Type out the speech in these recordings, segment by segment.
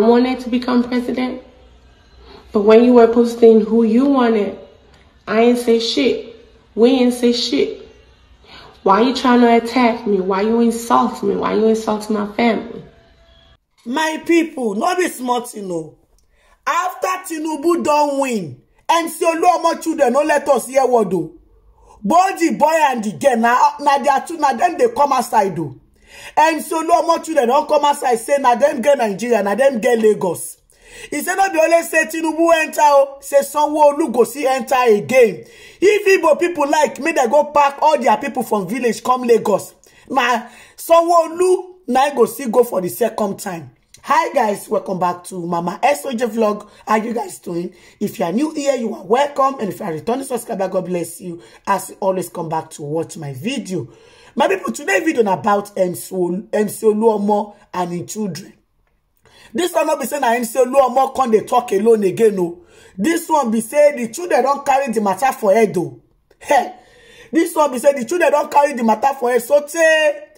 wanted to become president. But when you were posting who you wanted, I ain't say shit. We ain't say shit. Why you trying to attack me? Why you insult me? Why you insult my family? My people, not be small you know. After Tinubu don't win, and so no more children, no let us hear what oh. do. Both the boy and the girl, now, now they are two, now then they come outside do. Oh and soluomo children don come I say na them get nigeria na them get lagos e say no be only say tinubu enter? o say someone olu go see enter again if igbo people like me, they go pack all their people from village come lagos na someone olu now e go see go for the second time hi guys welcome back to mama soj vlog how you guys doing if you are new here you are welcome and if you are returning subscriber god bless you as you always come back to watch my video My people, today video about MC, MC Oluomo and his children. This one not be saying that MC Oluomo can't talk alone again. No. This one be saying the children don't carry the matter for head though. Hey. This one be saying the children don't carry the matter for head. So say,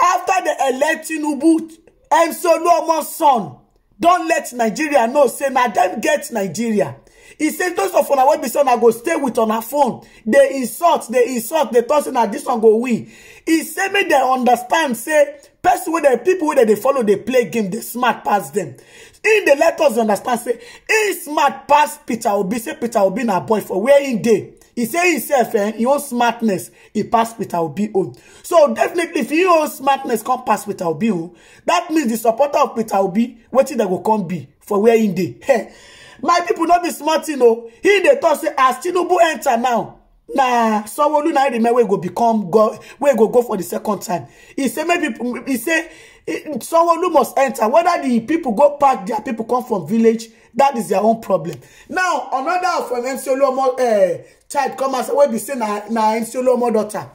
after the election, Ubu, MC Oluomo's son, don't let Nigeria know. Say, now them get Nigeria. He say those of una wey be say una go stay with on una phone They insult they insult they talk say na dis one go win He say me they understand say person with the people with dem dey follow they play game they smart pass them. In the letters, understand say e smart pass peter obi say peter obi na boy for where im dey e say himself eh, him own smartness He pass peter obi own so definitely if him own smartness come pass peter obi own that means the supporter of peter obi waiting that go come be for where im dey my people not be small tin o e dey tok say as tinubu enter now Nah, na sanwoolu now remember wey go become go wey go go for the second time He say maybe he e say sanwoolu must enter. whether the people go park dia people come from village that is their own problem now another of mc oluomo eh, child come out wey be say na mc oluomo daughter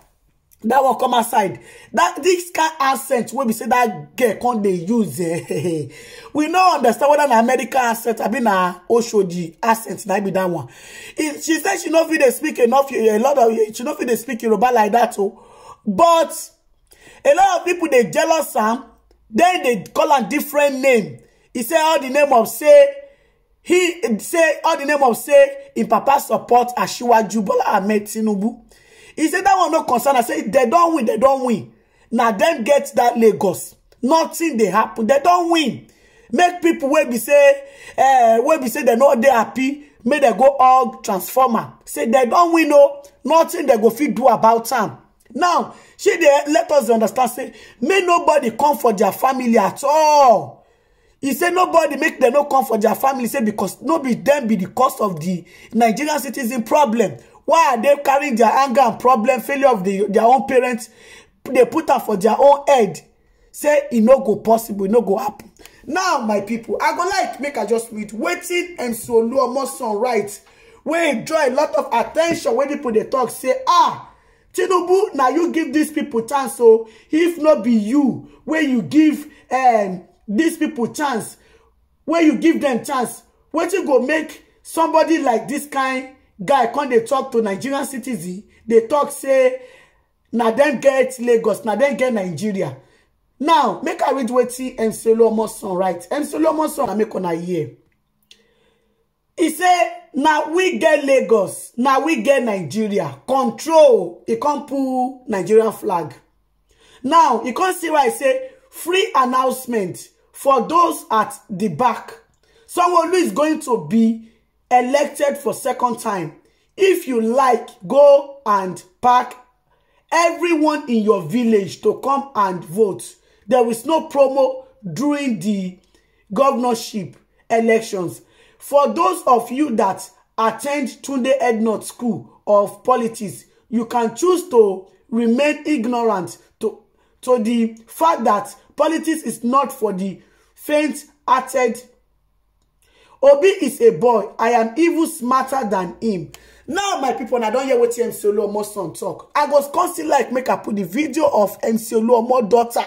that will come aside that this kind accent wey be say that girl come they use eh, eh, eh. we no understand whether an american accent abi na oshodi accent That be that one it, she say she no fit dey speak enough a lot of she no fit dey speak yoruba like that o oh. but a lot of people they jealous am then they call a different name He say all the name of say he say all the name of say in papa support Asiwaju Bola Ahmed Tinubu He said that one no concern i say they don't win They don't win Now them get that lagos nothing they happen They don't win make people wey be say eh, be say they no they happy make they go all transformer say they don't win o oh. nothing they go feel do about am now she dey let us understand say make nobody come for their family at all He said nobody make dem no come for their family say because no be dem be the cause of the nigerian citizen problem why are they carrying their anger and problem failure of the, their own parents They put up for their own head say it no go possible it no go happen now my people, i go like make i just read low mc oluomosan right. We e draw a lot of attention when people they talk say ah tinubu now you give these people chance So oh. if not be you when you give um, these people chance when you give them chance you go make somebody like this kind guy come dey talk to nigerian citizens dey talk say na dem get lagos na dem get nigeria now make i read wetin emsolo son write emsolo son na make una hear e say na we get lagos na we get nigeria control e come pull nigerian flag now e come see why i say free announcement for those at di back someone who is going to be elected for second time. If you like, go and pack everyone in your village to come and vote. There is no promo during the governorship elections. For those of you that attend Tunde Ednot School of Politics, you can choose to remain ignorant to, to the fact that politics is not for the faint-hearted obi is a boy i am even smarter than him now my pipo I don't hear what mc oluomo son tok i was constantly like make i put the video of mc oluomo daughter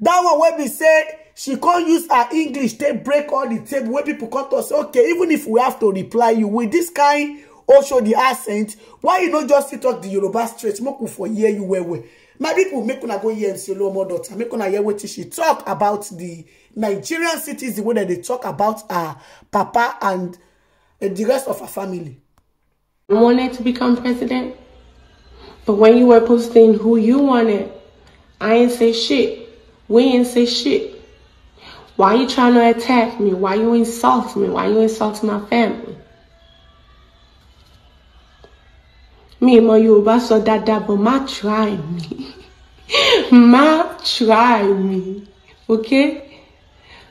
That one where be say she can't use her english They break all the table where people come to us. okay even if we have to reply you with this kind also the accent why you no just sit talk the yoruba straight make for hear you well well my people make una go here and see mc oluomo daughter make una hear wetin she talk about the nigerian cities the way that they talk about her papa and eh, the rest of her family you wanted to become president but when you were posting who you wanted i ain't say shit we ain't say shit why you trying to attack me why you insult me why you insult my family mi ì mọ yorùbá sọ dáadáa but má try me má try me okay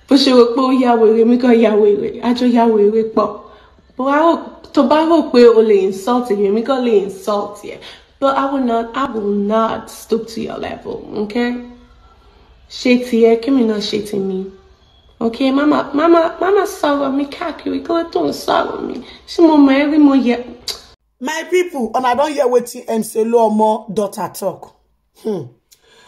bó ṣe rò pé ó ya wèrè mi kàn ya wèrè àjọ ya wèrè pọ̀ tó bá rò pé o lè insult èmi mi kàn lè insult yẹ but I will not I will not stoop to your level okay ṣe tiẹ̀ kí mi náà ṣe tèmi. Okay, mama, mama, mama sọ̀rọ̀ mi káàkiri kí ló tó ń sọ̀rọ̀ mi ṣé mo mọ̀ ẹ́ mo yẹ my people, and I don't hear what wetin mselo um, daughter talk. hmm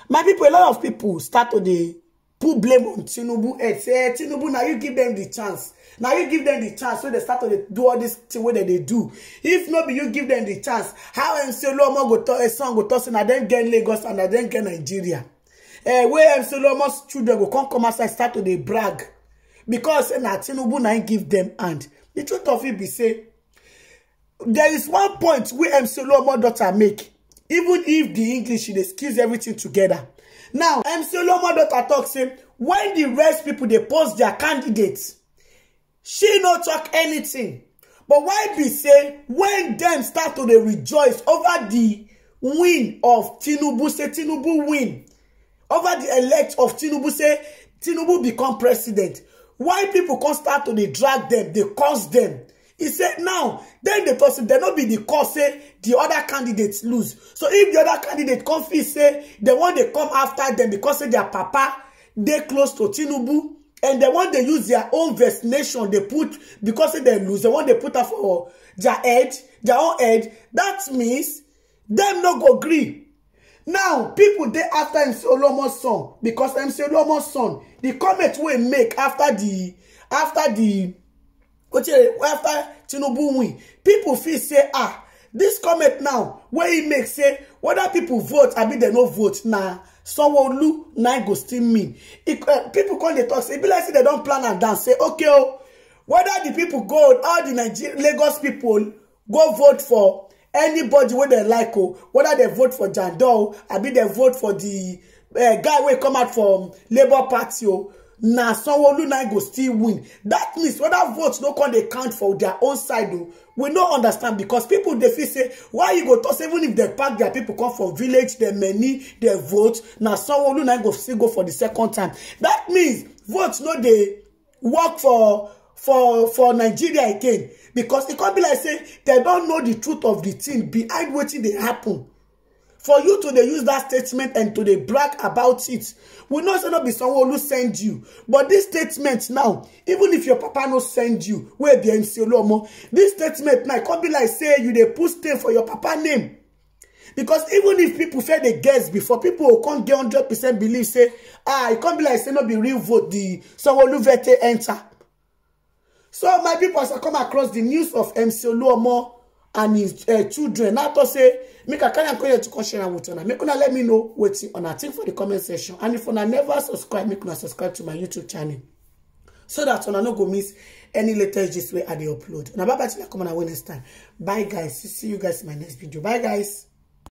my people, a lot of people start to the put blame on tinubu head eh, say eh, tinubu Now you give them the chance Now you give them the chance so they start to do all this thing wey they do if not, you give them the chance how um, Lomo go talk a eh, song go talk and na dem get lagos and na dem get nigeria eh wey mselo um, children go come come outside start to they brag because say tinubu now give them hand the truth of it be say there is one point wey mc olomo daughter make even if the english she dey everything together now mc olomo daughter talks say when the rest people they post their candidates she no talk anything but why be say when them start to they rejoice over the win of tinubu say tinubu win over the elect of tinubu say tinubu become president why people can start to they drag them they cause them. He said, now, then the person, they not be the cause, say, the other candidates lose. So if the other candidate confess, say, the one they come after them because say their papa, they close to Tinubu, and the one they use their own vaccination, they put, because they lose, the one they put up for their head, their own head, that means them not go agree. Now, people they after MC Olomo's son, because MC Olomo's son, the comment we make after the, after the, Kochire, after Tinubu win, people feel say, ah, dis comment now wey e make say whether pipo vote i mean dem no vote na sanwo-olu na go still mean eh, pipo come dey talk say e be like say dem don plan am down say okay o oh, whether di pipo go all di lagos pipo go vote for anybody wey dem like o oh, whether dem vote for jandor i mean dem vote for di eh, guy wey come out from labour party o oh, na sanwoolu na go still win That means whether votes no come dey count for their own side o we no understand because people dey feel say why you go toss even if dem pack their people come from village dem many dem vote na sanwoolu na go still go for the second time That means votes no dey work for for for nigeria again because e come be like say dem don know the truth of the thing behind wetin dey happen for you to dey use that statement and to dey brag about it we know say no be someone who send you but this statement now even if your papa no send you wey be mc oluomo dis statement now e come be like say you dey put stain for your papa name because even if people fair dey guess before people go come get hundred percent believe say ah e come be like say no be real vote the sanwo-olu vete enter so my people, as i come across the news of mc oluomo and his uh, children na to say make a carry am come here to come share am with make una let me know on una thing for the comment section and if una never subscribe make una subscribe to my youtube channel so that una no go miss any latest this way i dey upload una bye bye till i come on our next time bye guys see you guys in my next video bye guys.